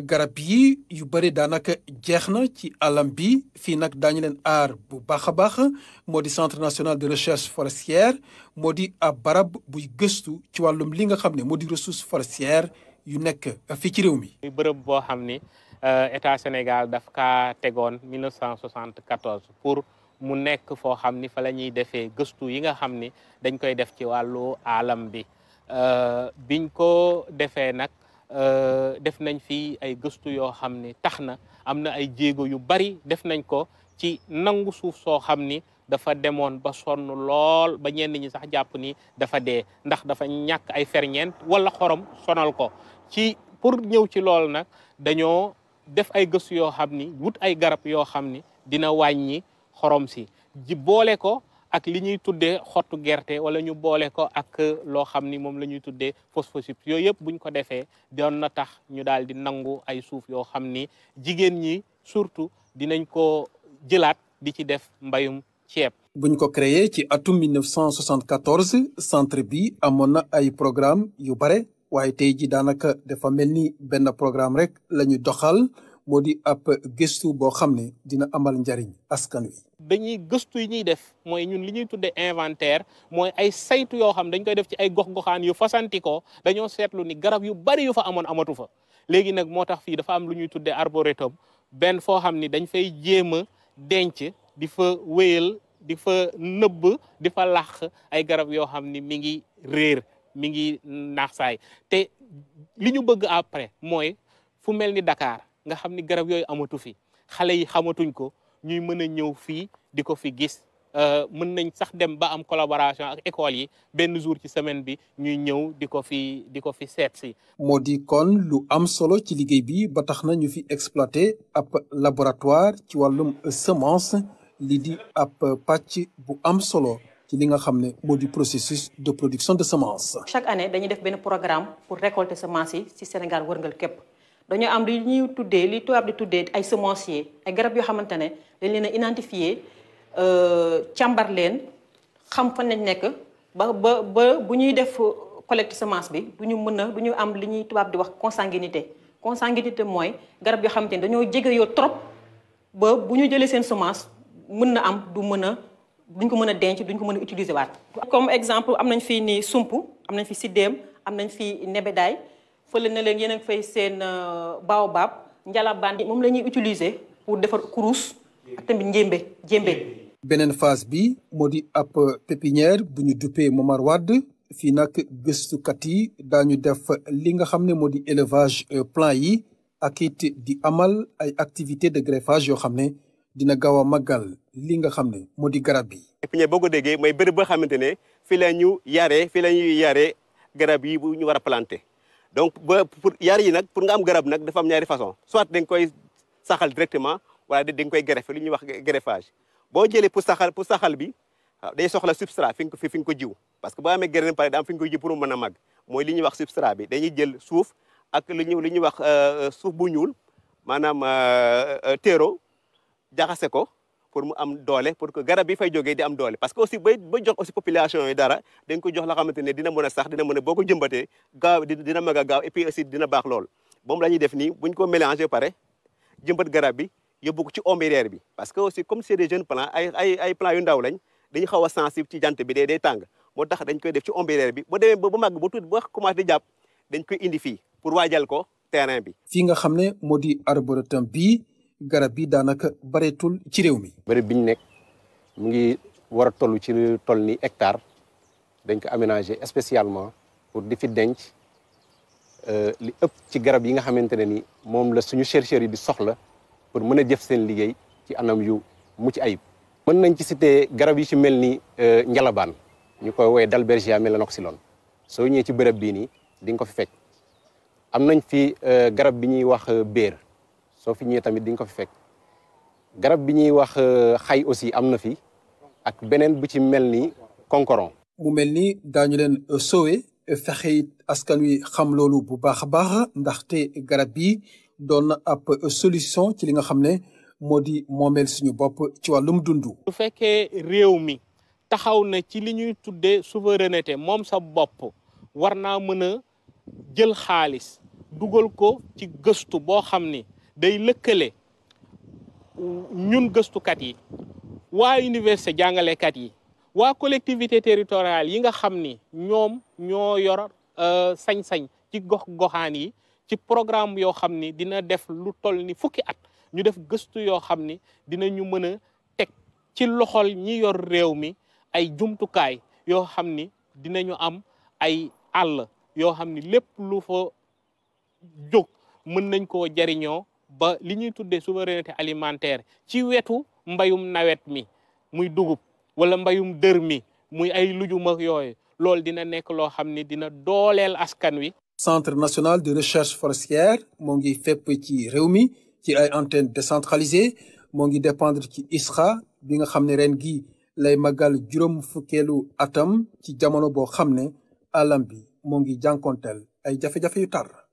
garab yi yu bëri daanaka jeex na ci alam bi fii nag daañu leen aar bu baax a baax moo di centre national de recherche forestière moo di ab barab buy gëstu ci wàllum li nga xam ne moo di ressource forestière yu nekk fii ci réew mi. muy bërëb boo xam ni euh, état Sénégal daf ka tegoon 1974 pour mu nekk foo xam ni fa la ñuy defee gëstu yi nga xam ni dañ koy def ci wàllu alam bi euh, biñ ko defee nag. Euh, def nañ fi ay gëstu yoo xam ne tax na am na ay jéego yu bari def nañ ko ci nangu suuf soo xam ni dafa demoon ba sonn lool ba ñenn ñi sax jàpp ni dafa dee ndax dafa ñàkk ay ferñeent wala xorom sonal ko ci pour ñëw ci lool nag dañoo def ay gëstu yoo xam ni wut ay garab yoo xam ni dina wàññi xorom si ji boole ko ak li ñuy tuddee xottu gerte wala ñu boole ko ak loo xam ni moom la ñuy tuddee phosphocypes yooyu yëpp buñ ko defee doon na tax ñu daal di nangu ay suuf yoo xam ni jigéen ñi surtout dinañ ko jëlaat di ci def mbayum ceeb. buñ ko créer ci atum 1974 centre bi amoon na ay programme yu bare waaye tey ji daanaka dafa mel ni benn programme rek la ñu doxal. moo di ab gëstu boo xam ne dina amal njariñ askan wi. dañuy gëstu yi ñuy def mooy ñun li ñuy tuddee inventaire mooy ay saytu yoo xam dañ koy def ci ay gox-goxaan yu fasantikoo dañoo seetlu ni garab yu bari yu fa amoon amatu fa léegi nag moo tax fii dafa am lu ñuy tuddee arboretum benn foo xam ni dañ fay jéem a denc di fa wéyal di fa nëb di fa lax ay garab yoo xam ni mi ngi réer mi ngi naax saay te li ñu bëgg après mooy fu mel ni dakaar nga xam ni garab yooyu amatu fi xale yi xamatuñ ko ñuy mën a ñëw fii di ko fi gis euh, mën nañ sax dem ba am collaboration ak école yi benn jour ci semaine bi ñuy ñëw di ko fi di ko fi seet si. moo di kon lu am solo ci liggéey bi ba tax na ñu fi exploité ab laboratoire ci wàllum semence li di ab pàcc bu am solo ci li nga xam ne moo di processus de production de semence. chaque année dañuy def benn programme pour récolter semence yi ci Sénégal wërngal képp. dañoo am li ñuy tuddee li tubaab di tuddee ay semenciers ay garab yoo xamante ne dañ leen a identifier euh, càmbar leen xam fan lañ nekk ba ba bu ñuy def collecte semence bi du ñu mën a du ñu am li ñuy tubaab di wax consanguinité consanguinité mooy garab yoo xamante ne dañoo jege yoo trop ba bu ñu jëlee seen semence mën na am du mën a duñ ko mën a denc duñ ko mën a utiliser waat. comme exemple am nañ fii nii sump am nañ fi siddéem am nañ fi nebedaay. fële na leen yéen a ngi fay seen euh, baobab njalabaan moom la ñuy utiliser pour defar kurus ak tamit njéembe jéembe beneen phase bi moo di ab pépinière bu ñu duppee Momar Wade fii nag gëstukat yi daañu def li nga xam ne moo di élevage euh, plan yi ak it di amal ay activité de greffage yoo xam ne dina gaaw a màggal li nga xam ne moo di garab yi. pépinière boo ko déggee mooy bërëb boo xamante ne fii la ñu yaree fii la ñuy yaree garab yi bu ñu war a planter. donc ba pour yar yi nag pour nga am garab nag dafa am ñaari façon soit da koy saxal directement wala de nga koy greffer lu ñuy wax greffage boo jëlee pour saxal pour saxal bi ah, day soxla substrat fi nga ko fi nga ko jiw parce que boo amee graine pare da am fi nga ko jiw pour mu mën a màgg mooy li ñuy wax substrat bi dañuy jël suuf ak lu ñu li ñuy wax euh, suuf bu ñuul maanaam euh, euh, terreau jaxase ko pour mu am doole pour que garab yi fay jógee di am doole parce que aussi bay ba jox population dara dañ ko jox la xamante ne dina mën a sax dina mën a boo ko jëmbatee gaaw dina mag a gaaw et puis aussi dina baax lool moom la ñuy def nii buñ ko mélangé pare jëmbat garab bi yóbbu ko ci ombrière bi parce que aussi comme c'est des jeunes plants ay ay ay plants yu ndaw lañ dañu xaw a sensible ci jant bi day day tàng moo tax dañ koy def ci ombrière bi ba demee ba ba màgg ba tuuti ba commencé di jàpp indi fii pour waajal ko terrain bi. fii nga xam ne moo di arboretum bii garab bi daanaka bareetul ci réew mi. bëri biñ nekk mu ngi war a toll ci toll ni hectare dañ ko aménager spécialement pour di fi denc euh, li ëpp ci garab yi nga xamante ne ni moom la suñu chercheurs yi di soxla pour mën a jëf seen liggéey ci anam yu mucc ayib. mën nañ ci citer garab yi ci mel ni euh, njalabaan ñu koy woowee dalbergia melanoxylon soo ñëwee ci bërëb bii nii di nga ko fi fekk am nañ fi euh, garab bi ñuy wax béer. soo fi ñëwee tamit di nga ko fi fekk garab bi ñuy wax euh, xay aussi am na fi ak beneen bu ci mel ni konkoron mu mel ni daañu leen sowe fexe it askan wi xam loolu bu baax a baax ndaxte garab yi doon na ab solution ci li nga xam ne moo di moomeel suñu bopp ci wàllum dund. su fekkee réew mi taxaw na ci li ñuy tuddee souveraineté moom sa bopp war naa mën a jël xaalis dugal ko ci gëstu boo xam ni day lëkkale ñun gëstukat yi waa université jàngalekat yi waa collectivité territoriale yi nga xam ni ñoom ñoo yor euh, sañ-sañ ci gox goxaan yi ci programme yoo xam ni dina def lu toll ni fukki at ñu def gëstu yoo xam ni dinañu mën a teg ci loxol ñi yor réew mi ay jumtukaay yoo xam ni dinañu am ay àll yoo xam ni lépp lu fa jóg mën nañ ko jariñoo ba li ñuy tuddee souveraineté alimentaire ci wetu mbayum nawet mi muy dugub wala mbayum dër mi muy ay lujuma yooyu loolu dina nekk loo xam ni dina dooleel askan wi. centre national de recherche forestière moo ngi fépp ci réew mi ci ay antenne décentralisée moo ngi dépendre ci ISRA bi nga xam ne ren gi lay màggal juróom fukkeelu atam ci jamono boo xam ne alam bi moo ngi jànkonteel ay jafe-jafe tar.